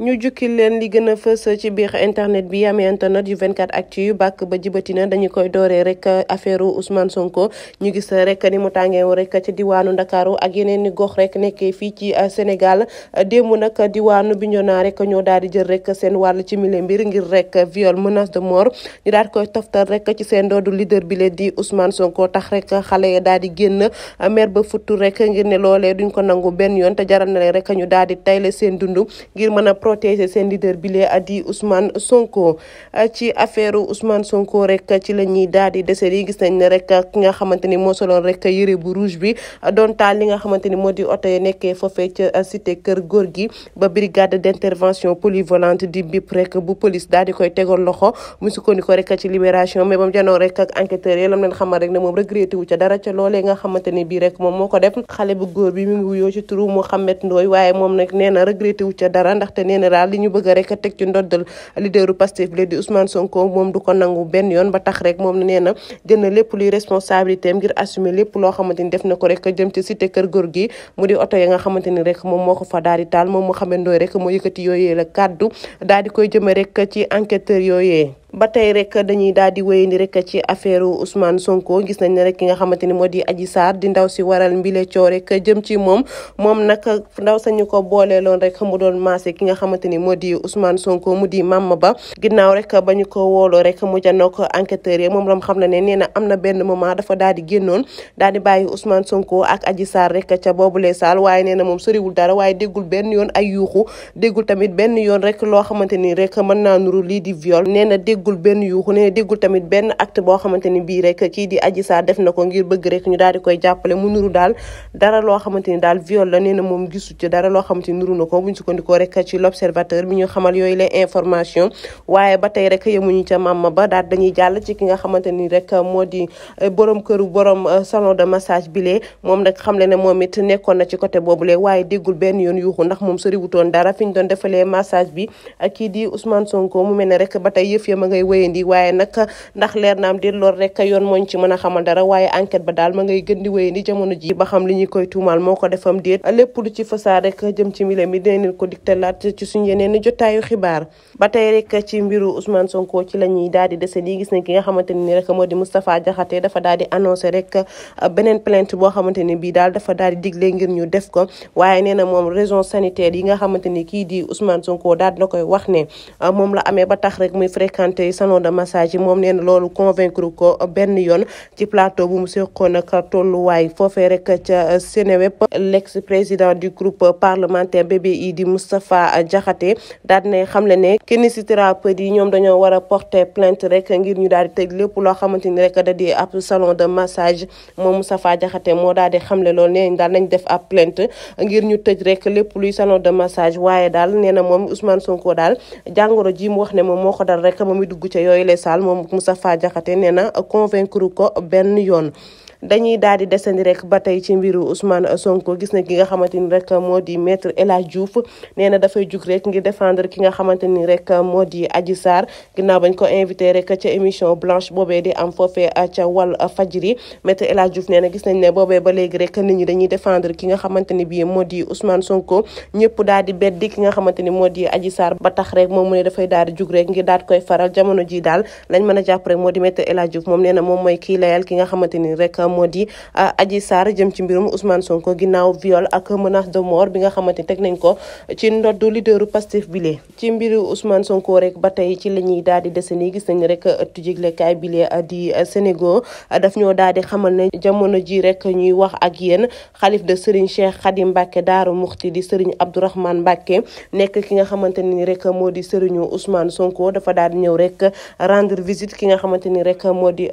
ñu jukki leen li gën a fës ci biir internet bi amee internet yu 24 actu yu bàkk ba jibatina dañu koy dooree rek affaire Ousmane Sonko ñu gis rek ni mu tàngeewu rek ci diwaanu Ndakaaru ak yeneen gox rek nekkee fii ci euh, Sénégal démb nag diwaanu Bignona rek ñoo daal di jël rek seen wàll ci mile mbir ngir rek viol menace de mort ñu daal koy toftal rek ci seen doodu leader bi leen di Ousmane Sonko tax rek xale ya daal di génn mer ba futtu rek ngir ne loolee duñ ko nangu benn yoon te jaral na rek ñu daal di tayle seen dund protéger seen leader bile di Ousmane Sonko ah, ci affaire Ousmane Sonko rek ci la ñuy daal di dese yi gis nañ ne rek ki nga xamante ni moo soloon rek yëre bu rouge bi doon taal li nga xamante ni moo di oto yi nekkee foofee ca ah, cité kër góor gi ba brigade d'intervention polyvalente di BIP rek bu police daal di koy tegoon loxo mu sukkandiku rek ci libération mais ba mu janoo rek ak enquêteurs yi lam leen xamal rek ne moom regretté wu ca dara ca loolee nga xamante ni bii rek moom moo ko def xale bu góor bi mu ngi wuyoo ci turu Mouhamed waaye moom na regretté wu ca dara ndaxte général li ñu bëgg rek teg ci ndoddal leaderu Pastef bi di Ousmane Sonko moom du ko nangu benn yoon ba tax rek moom nee na jël lépp luy responsabilité am ngir assumer lépp loo xamante ni def na ko rek jëm ci cité kër góor gi mu di oto ya nga xamante ni rek moom moo ko fa daal di taal moom mu xamandooy rek moo yëkkati yooyee la kàddu daal di koy jëme rek ci enquêteur yooyee ba tey rek dañuy daal di wéyandi rek ci affaire Ousmane Sonko gis nañ ne rek ki nga xamante ni moo di Adji Sarr di ndaw si waral mbile coo rek jëm ci moom moom nag ndaw sañu ko boolee rek mu doon maase ki nga xamante ni moo di Ousmane Sonko mu di Mame Ba ginnaaw rek ba ñu ko wooloo rek mu janoo ko enquêteurs yi moom lam xam na ne nee na am na benn moment dafa daal di génnoon daal di bàyyi Ousmane Sonko ak Adji Sarr rek ca boobule saal waaye nee na moom soriwul dara waaye déggul benn yoon ay yuuxu déggul tamit benn yoon rek loo xamante ni rek mën naa nuru lii di viol déggul benn yuuxu nee na déggul tamit benn acte boo xamante ni bii rek kii di Adji Sarr def na ko ngir bëgg rek ñu daal di koy jàppale mu nuru daal dara loo xamante ni daal viol la nee na moom gisu ci dara loo xamante ni nuru na ko bu ñu sukkandikoo rek ci l'observateur bi ñu xamal yooyu les information waaye ba tey rek yemuñu ca mama ba daal dañuy jàll ci ki nga xamante ni rek moo di eh, borom këru borom eh, salon de massage bi lee moom nag xam le ne moom it nekkoon na ci côté boobu lee waaye déggul benn yoon yuuxu ndax moom soriwutoon dara fi ñu doon defalee massage bi eh, kii di Ousmane Sonko mu mel ne rek ba tey yëf yam ngay wéyandi waaye nag ndax leer na am déet loolu rek yoon mooñ ci mën a xamal ma ngay gën di ñu koy tuumaal moo ko defam déet lépp lu ci fasaa rek jëm ci mile mi dinañ leen ko digtalaat ci suñu yeneen ne ki nga xamante ne ni rek moo di Moustapha Diakhaté dafa daal di ne bii daal dafa daal di digle ngir ni kii di Ousmane Sonko daal dina koy wax ne moom la amee ba tax rek muy fréquenté activités yi salon de massage yi moom nee na loolu convaincre ko benn yoon ci plateau bu mu seqoon ak tolluwaay foofee rek ca Seneweb l'ex président du groupe parlementaire BBI di Moustapha Diakhaté daal dinay xamle ne kenn kinésithérapeute yi ñoom dañoo war a porter plainte rek ngir ñu daal di tëj lépp loo xamante ni rek da di ab salon de massage moom Moustapha Diakhaté moo daal di xamle loolu nee daal nañ def ab plainte ngir ñu tëj rek lépp luy salon de massage waaye daal nee dal dugg ca yooyu les saal moom Moustapha Diakhaté nee na convaincre ko benn yoon dañuy daal di desandi rek ba tey ci mbiru Ousmane Sonko gis na ki nga xamante ni rek moo di maître El Hadj Diouf nee na dafay jug rek ngir défendre ki nga xamante ni rek moo di Adji Sarr ginnaaw bañ ko invité rek ca émission blanche boobee di am foofee ah, ca wal fajri maître El Hadj Diouf nee na ne boobee ba léegi rek nit ñi dañuy défendre ki nga xamante ni bii moo di Ousmane Sonko ñëpp daal di beddi ki nga xamante ni moo di Adji Sarr ba tax rek moom mu ne dafay daal di jug rek ngir daal koy faral jamono ji daal lañ mën a jàpp rek moo di maître El Hadj moom nee na moom mooy ki nga xamante ni rek moo di euh, Adji Sarr jëm ci mbirum Ousmane Sonko ginnaaw viol ak menace de mort bi nga xamante teg nañ ko ci ndoddu leaderu Pastef bile ci mbiru Ousmane Sonko rek ba tey ci la ñuy daal di dese nii gis nañ rek ëttu jéglekaay bile di Sénégal daf ñoo daal di xamal ne jamono ji rek ñuy wax ak yéen xalif de Serigne Cheikh Khadim Mbacke Daaru Muxti di Serigne Abdourahmane Mbacke nekk ki nga xamante ni rek moo di Serigne Ousmane Sonko dafa daal di ñëw rek rendre visite ki nga xamante ni rek moo di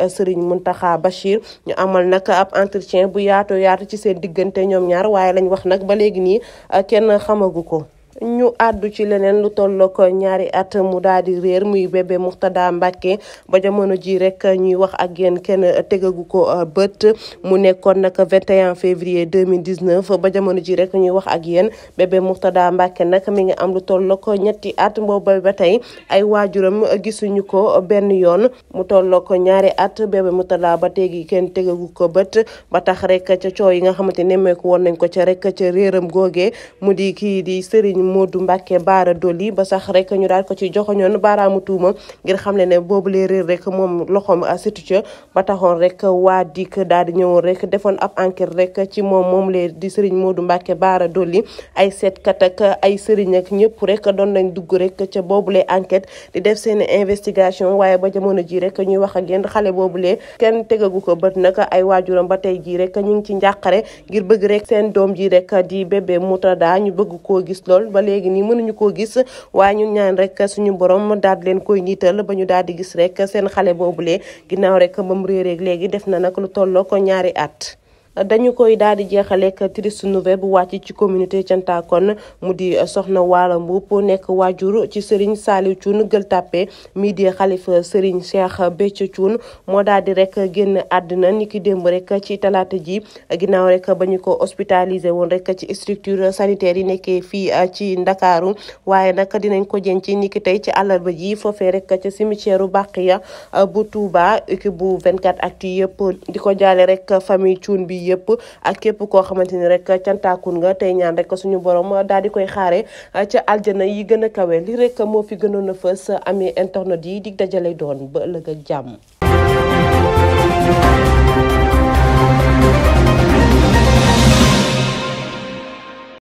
amal nag ab entretien bu yaatu yaatu ci seen diggante ñoom ñaar waaye lañ wax nag ba léegi nii kenn xamagu ko ñu addu ci leneen lu tollook ñaari at mu daal di réer muy bébé Murtada Mbacke ba jamono ji rek ñuy wax ak yéen kenn tegagu ko euh, bët mu nekkoon nag 21 février 2019 ba jamono ji rek ñuy wax ak yéen bébé Murtada Mbacke nag mi ngi am lu tollook ñetti at boobu ba tey ay waajuram gisuñu ko benn yoon mu tollook ñaari at bébé Murtada ba tey gi kenn tegagu ko bët ba tax rek ca coow yi nga xamante nemmeeku woon nañ ko ca rek ca réeram googee mu di kii di Serigne Modou Mbacke Baara Doli ba sax rek ñu daal ko ci joxoñoon baaraamu tuuma ngir xam le ne boobu lee réer rek moom loxoom surtout ca ba taxoon rek waa dikk daal di ñëwoon rek defoon ab enquête rek ci moom moom lee di sëriñ Modou Mbacke Baara Doli ay seetkat ak ay sëriñ ak ñëpp rek doon nañ dugg rek ca boobule enquête di def seen investigation waaye ba jamono ji rek ñuy wax ak yéen xale boobu boobulee kenn tegagu ko bët nag ay waajuram ba tey jii rek ñu ngi ci njàqare ngir bëgg rek seen doom ji rek di bébé Moutada ñu bëgg koo gis lool ba léegi nii mënuñu koo gis waa ñu ñaan rek suñu borom daal leen koy niital ba ñu daal di gis rek seen xale boobulee ginnaaw rek ba mu réeréeg léegi def na nag lu tolloo ko ñaari at dañu koy daal di jeexaleek triste nouvelle bu wàcc ci communauté Thiantakone mu di euh, soxna Wala Mboup nekk waajur ci Serigne saalu Thioune Gueule Tapée mii di xalifa Serigne Cheikh Béthio Thioune moo daal di rek génn àddina ni ki démb rek ci talaata ji ginnaaw rek ba ñu ko hospitalisé woon rek ci structure sanitaire yi nekkee fii euh, ci Ndakaaru waaye nag dinañ ko jenc ci ki tey ci àllarba ji foofe rek ca cimetière Bakhiya euh, bu Touba équipe bu 24 actu yëpp di ko jaale rek famille Thioune bi yëpp ak képp koo xamante ni rek cantaakun nga tey ñaan rek suñu borom daal di koy xaare ca aljana yi gën a kawe li rekk moo fi gënoon a fës amee internet yi di dajale doon ba ëllëg ak jàmm